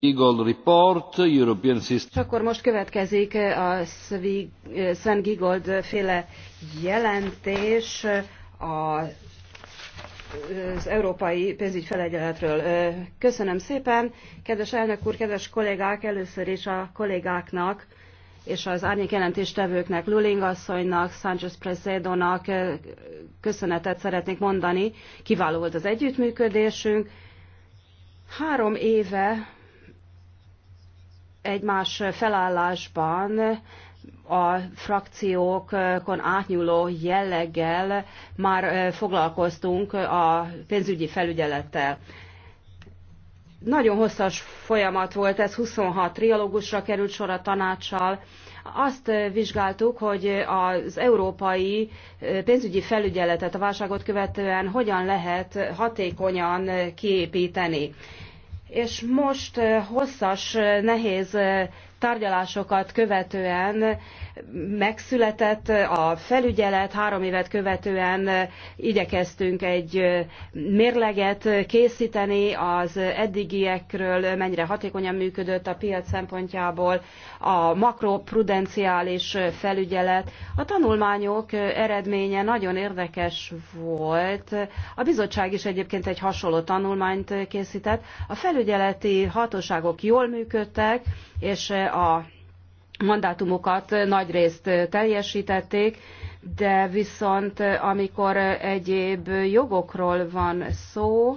És akkor most következik a Sven Giegold féle jelentés az Európai Pénzügyi Felegyelhetről. Köszönöm szépen, kedves elnök úr, kedves kollégák, először is a kollégáknak és az árnyék jelentéstevőknek, Luling asszonynak, Sánchez Presedonak köszönetet szeretnék mondani. Kiváló volt az együttműködésünk. Három éve egymás felállásban a frakciókon átnyúló jelleggel már foglalkoztunk a pénzügyi felügyelettel. Nagyon hosszas folyamat volt ez, 26 trialógusra került sor a tanácssal. Azt vizsgáltuk, hogy az európai pénzügyi felügyeletet a válságot követően hogyan lehet hatékonyan kiépíteni és most eh, hosszas, eh, nehéz eh, tárgyalásokat követően megszületett a felügyelet, három évet követően igyekeztünk egy mérleget készíteni az eddigiekről, mennyire hatékonyan működött a piac szempontjából a makroprudenciális felügyelet. A tanulmányok eredménye nagyon érdekes volt. A bizottság is egyébként egy hasonló tanulmányt készített. A felügyeleti hatóságok jól működtek, és a mandátumokat nagyrészt teljesítették, de viszont amikor egyéb jogokról van szó,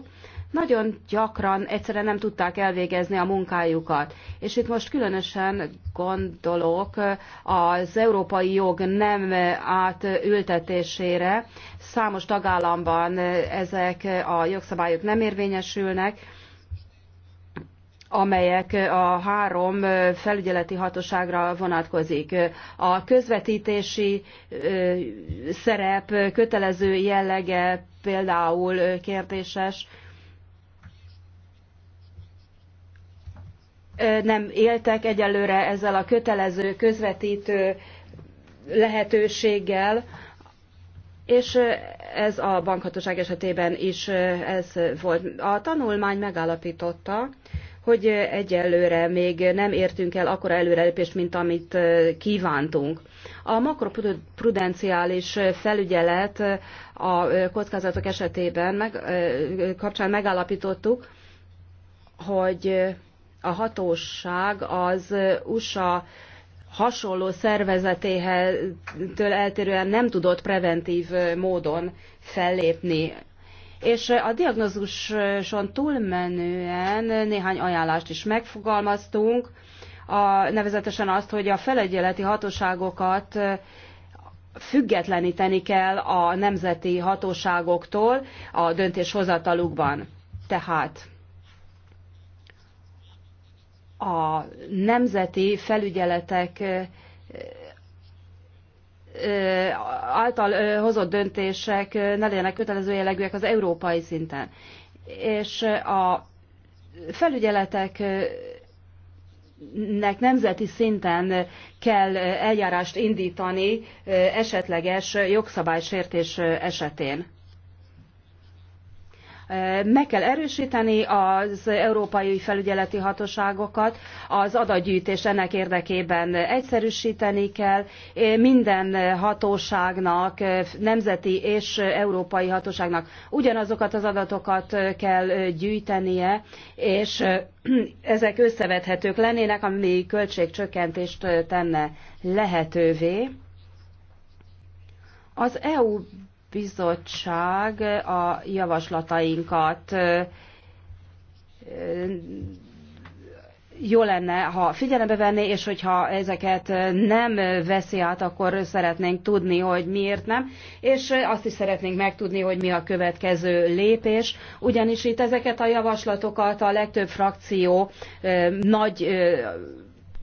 nagyon gyakran egyszerűen nem tudták elvégezni a munkájukat. És itt most különösen gondolok az európai jog nem átültetésére. Számos tagállamban ezek a jogszabályok nem érvényesülnek, amelyek a három felügyeleti hatóságra vonatkozik. A közvetítési szerep kötelező jellege például kérdéses, nem éltek egyelőre ezzel a kötelező közvetítő lehetőséggel, és ez a bankhatóság esetében is ez volt. A tanulmány megállapította, hogy egyelőre még nem értünk el akkora előrelépést, mint amit kívántunk. A makroprudenciális felügyelet a kockázatok esetében meg, kapcsán megállapítottuk, hogy a hatóság az USA hasonló szervezetétől eltérően nem tudott preventív módon fellépni és a diagnózuson túlmenően néhány ajánlást is megfogalmaztunk, a, nevezetesen azt, hogy a felegyeleti hatóságokat függetleníteni kell a nemzeti hatóságoktól a döntéshozatalukban. Tehát a nemzeti felügyeletek által hozott döntések ne legyenek kötelező jellegűek az európai szinten. És a felügyeleteknek nemzeti szinten kell eljárást indítani esetleges jogszabálysértés esetén. Meg kell erősíteni az európai felügyeleti hatóságokat, az adatgyűjtés ennek érdekében egyszerűsíteni kell, minden hatóságnak, nemzeti és európai hatóságnak ugyanazokat az adatokat kell gyűjtenie, és ezek összevethetők lennének, ami költségcsökkentést tenne lehetővé. Az EU bizottság a javaslatainkat. Jó lenne, ha figyelembe venné, és hogyha ezeket nem veszi át, akkor szeretnénk tudni, hogy miért nem, és azt is szeretnénk megtudni, hogy mi a következő lépés, ugyanis itt ezeket a javaslatokat a legtöbb frakció nagy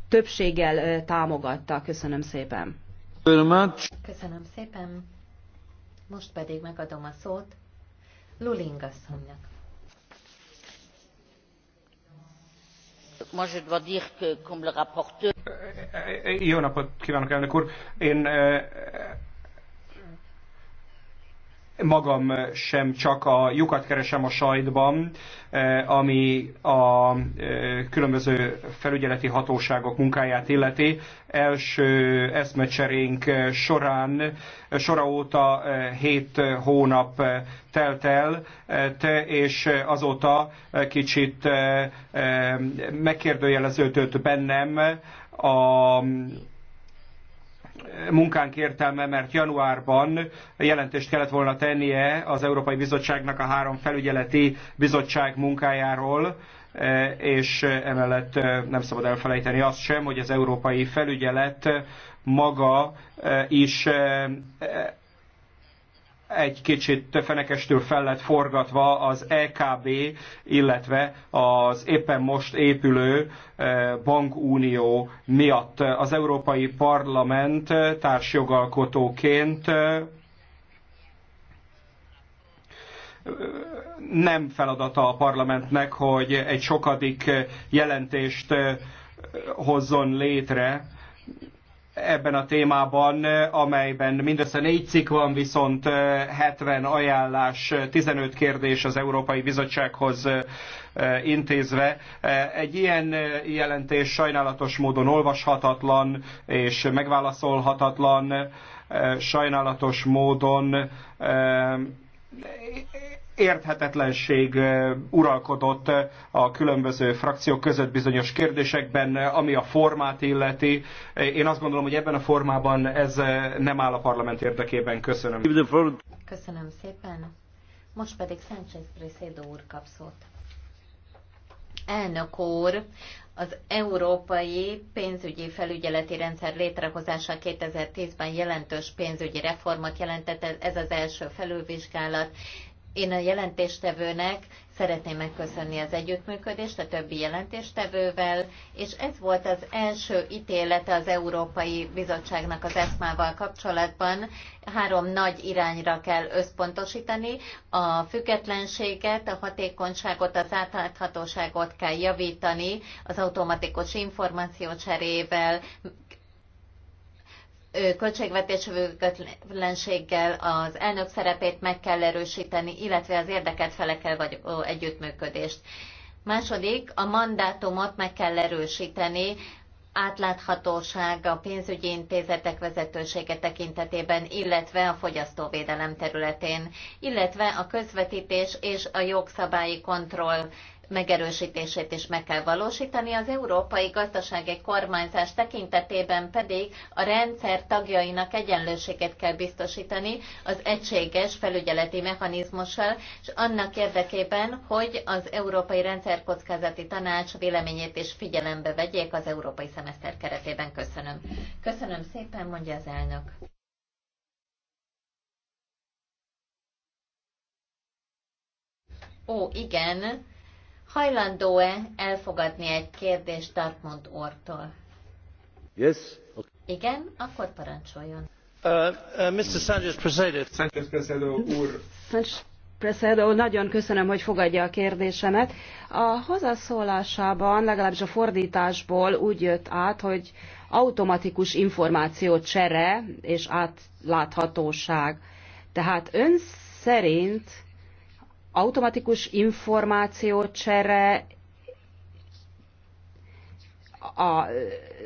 többséggel támogatta. Köszönöm szépen. Köszönöm szépen. Most pedig megadom a szót Luling asszonynak. Jó napot kívánok, elnök úr! Én eh, magam sem csak a lyukat keresem a sajtban, eh, ami a eh, különböző felügyeleti hatóságok munkáját illeti. Első eszmecserénk eh, során, sora óta hét hónap telt el, te és azóta kicsit megkérdőjeleződött bennem a munkánk értelme, mert januárban jelentést kellett volna tennie az Európai Bizottságnak a három felügyeleti bizottság munkájáról, eh, és emellett eh, nem szabad elfelejteni azt sem, hogy az Európai Felügyelet maga eh, is egy kicsit fenekestől fel lett forgatva az EKB, illetve az éppen most épülő eh, bankunió miatt. Az Európai Parlament társjogalkotóként eh, nem feladata a parlamentnek, hogy egy sokadik jelentést eh, hozzon létre ebben a témában, amelyben mindössze négy cikk van, viszont 70 ajánlás, 15 kérdés az Európai Bizottsághoz intézve. Egy ilyen jelentés sajnálatos módon olvashatatlan és megválaszolhatatlan, sajnálatos módon érthetetlenség uralkodott a különböző frakciók között bizonyos kérdésekben, ami a formát illeti. Én azt gondolom, hogy ebben a formában ez nem áll a parlament érdekében. Köszönöm. Köszönöm szépen. Most pedig Sánchez Presedo úr kap szót. Elnök úr, az európai pénzügyi felügyeleti rendszer létrehozása 2010-ben jelentős pénzügyi reformot jelentett, ez az első felülvizsgálat, én a jelentéstevőnek szeretném megköszönni az együttműködést a többi jelentéstevővel, és ez volt az első ítélete az Európai Bizottságnak az ESMA-val kapcsolatban. Három nagy irányra kell összpontosítani. A függetlenséget, a hatékonyságot, az átláthatóságot kell javítani az automatikus információ cserével, költségvetésvőgetlenséggel az elnök szerepét meg kell erősíteni, illetve az érdekelt felekkel vagy együttműködést. Második, a mandátumot meg kell erősíteni, átláthatóság a pénzügyi intézetek vezetősége tekintetében, illetve a fogyasztóvédelem területén, illetve a közvetítés és a jogszabályi kontroll megerősítését is meg kell valósítani, az európai gazdasági kormányzás tekintetében pedig a rendszer tagjainak egyenlőséget kell biztosítani az egységes felügyeleti mechanizmussal, és annak érdekében, hogy az Európai rendszer Kockázati Tanács véleményét is figyelembe vegyék az európai szemeszter keretében. Köszönöm. Köszönöm szépen, mondja az elnök. Ó, igen, Hajlandó-e elfogadni egy kérdést Dartmouth ortól? Yes. Okay. Igen, akkor parancsoljon. Uh, uh, Mr. Sanchez Presedo. Sanchez Presedo úr. Sanchez nagyon köszönöm, hogy fogadja a kérdésemet. A hozzászólásában, legalábbis a fordításból úgy jött át, hogy automatikus információ csere és átláthatóság. Tehát ön szerint automatikus információcsere a,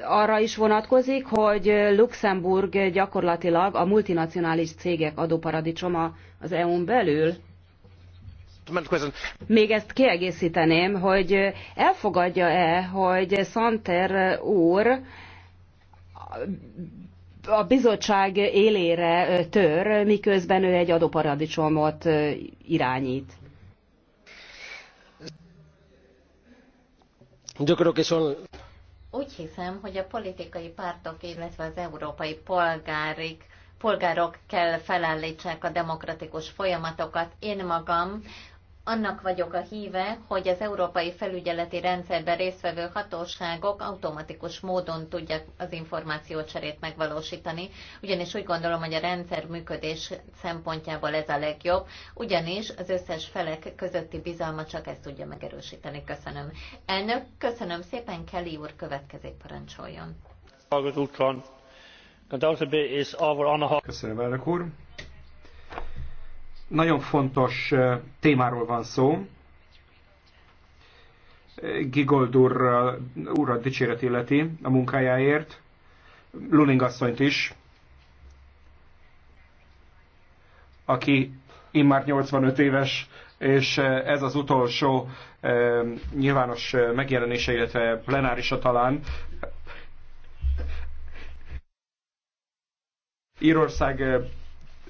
arra is vonatkozik, hogy Luxemburg gyakorlatilag a multinacionális cégek adóparadicsoma az EU-n belül. Még ezt kiegészíteném, hogy elfogadja-e, hogy Santer úr a bizottság élére tör, miközben ő egy adóparadicsomot irányít. Yo creo que son... Úgy hiszem, hogy a politikai pártok, illetve az európai polgárik, polgárok kell felállítsák a demokratikus folyamatokat. Én magam annak vagyok a híve, hogy az európai felügyeleti rendszerben résztvevő hatóságok automatikus módon tudják az információcserét megvalósítani, ugyanis úgy gondolom, hogy a rendszer működés szempontjából ez a legjobb, ugyanis az összes felek közötti bizalma csak ezt tudja megerősíteni. Köszönöm. Elnök, köszönöm szépen, Kelly úr következik, parancsoljon. Köszönöm, elnök úr. Nagyon fontos témáról van szó. Gigold úr a dicséret illeti a munkájáért, Luning asszonyt is, aki immár 85 éves, és ez az utolsó nyilvános megjelenése, illetve plenárisa talán. Írország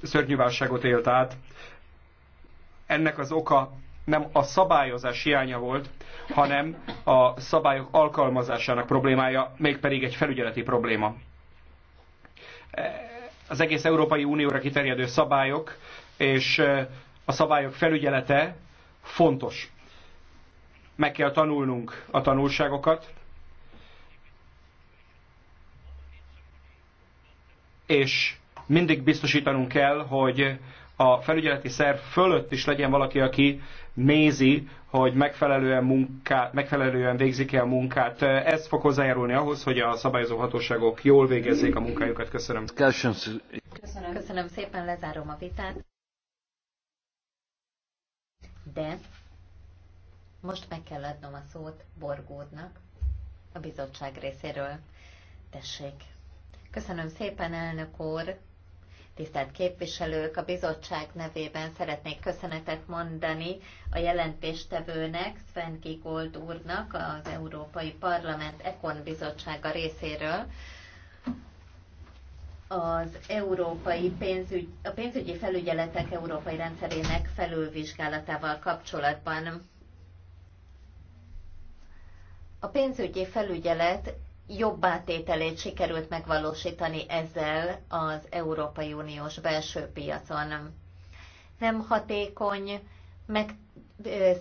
szörnyű válságot élt át, ennek az oka nem a szabályozás hiánya volt, hanem a szabályok alkalmazásának problémája, mégpedig egy felügyeleti probléma. Az egész Európai Unióra kiterjedő szabályok és a szabályok felügyelete fontos. Meg kell tanulnunk a tanulságokat, és mindig biztosítanunk kell, hogy a felügyeleti szerv fölött is legyen valaki, aki nézi, hogy megfelelően, munká, megfelelően végzik-e a munkát. Ez fog hozzájárulni ahhoz, hogy a szabályozó hatóságok jól végezzék a munkájukat. Köszönöm. Köszönöm, Köszönöm szépen, lezárom a vitát. De most meg kell adnom a szót Borgódnak a bizottság részéről. Tessék. Köszönöm szépen, elnök úr. Tisztelt képviselők, a bizottság nevében szeretnék köszönetet mondani a jelentéstevőnek, Sven Gigold úrnak, az Európai Parlament Ekon Bizottsága részéről, az európai pénzügy, a pénzügyi felügyeletek európai rendszerének felülvizsgálatával kapcsolatban. A pénzügyi felügyelet jobb átételét sikerült megvalósítani ezzel az Európai Uniós belső piacon. Nem hatékony meg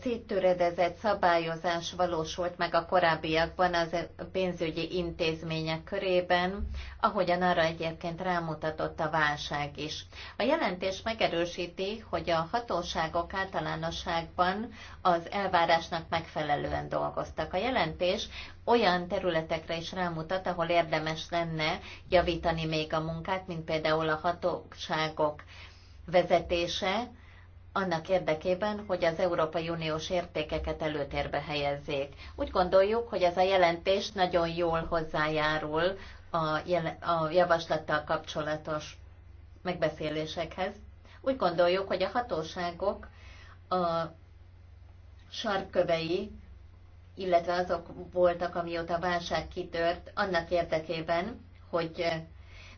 széttöredezett szabályozás valósult meg a korábbiakban az pénzügyi intézmények körében, ahogyan arra egyébként rámutatott a válság is. A jelentés megerősíti, hogy a hatóságok általánosságban az elvárásnak megfelelően dolgoztak. A jelentés olyan területekre is rámutat, ahol érdemes lenne javítani még a munkát, mint például a hatóságok vezetése, annak érdekében, hogy az Európai Uniós értékeket előtérbe helyezzék. Úgy gondoljuk, hogy ez a jelentés nagyon jól hozzájárul a, a javaslattal kapcsolatos megbeszélésekhez. Úgy gondoljuk, hogy a hatóságok a sarkkövei, illetve azok voltak, amióta a válság kitört, annak érdekében, hogy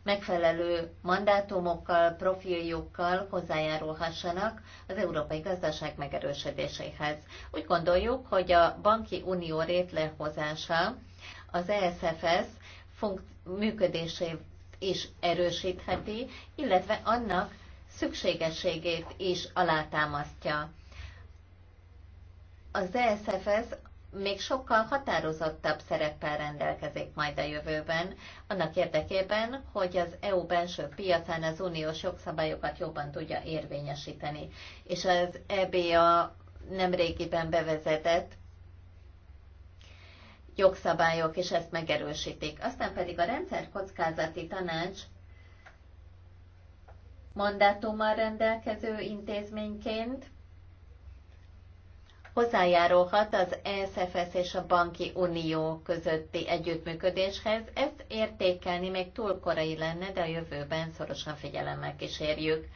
megfelelő mandátumokkal, profiljukkal hozzájárulhassanak az európai gazdaság megerősödéséhez. Úgy gondoljuk, hogy a banki unió rétlehozása az ESFS működését is erősítheti, illetve annak szükségességét is alátámasztja. Az ESFS még sokkal határozottabb szereppel rendelkezik majd a jövőben, annak érdekében, hogy az EU belső piacán az uniós jogszabályokat jobban tudja érvényesíteni. És az EBA nemrégiben bevezetett jogszabályok és ezt megerősítik. Aztán pedig a rendszer kockázati tanács mandátummal rendelkező intézményként hozzájárulhat az ESFS és a Banki Unió közötti együttműködéshez. Ezt értékelni még túl korai lenne, de a jövőben szorosan figyelemmel kísérjük.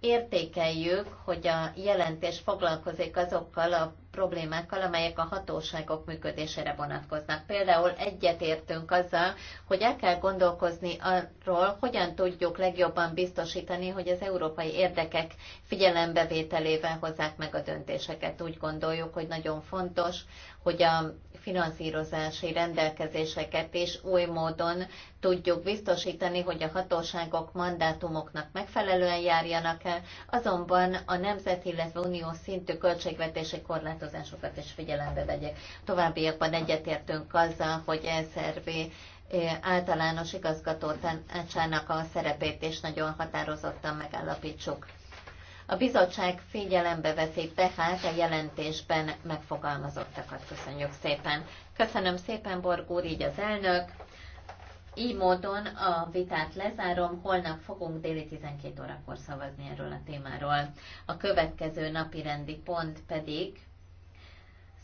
Értékeljük, hogy a jelentés foglalkozik azokkal a problémákkal, amelyek a hatóságok működésére vonatkoznak. Például egyetértünk azzal, hogy el kell gondolkozni arról, hogyan tudjuk legjobban biztosítani, hogy az európai érdekek figyelembevételével hozzák meg a döntéseket. Úgy gondoljuk, hogy nagyon fontos, hogy a finanszírozási rendelkezéseket is új módon tudjuk biztosítani, hogy a hatóságok mandátumoknak megfelelően járjanak el, azonban a nemzeti, illetve unió szintű költségvetési korlátozásokat is figyelembe vegyek. Továbbiakban egyetértünk azzal, hogy ESRB eh, általános igazgató tanácsának a szerepét is nagyon határozottan megállapítsuk. A bizottság figyelembe veszi tehát a jelentésben megfogalmazottakat. Köszönjük szépen. Köszönöm szépen, úr, így az elnök. Így módon a vitát lezárom, holnap fogunk déli 12 órakor szavazni erről a témáról. A következő napi rendi pont pedig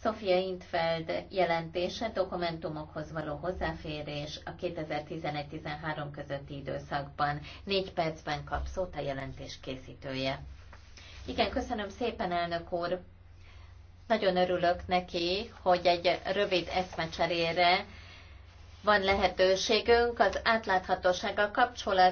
Sofia Intfeld jelentése dokumentumokhoz való hozzáférés a 2011-13 közötti időszakban. Négy percben kap szót a jelentés készítője. Igen, köszönöm szépen, elnök úr. Nagyon örülök neki, hogy egy rövid eszmecserére van lehetőségünk az átláthatósággal kapcsolatban.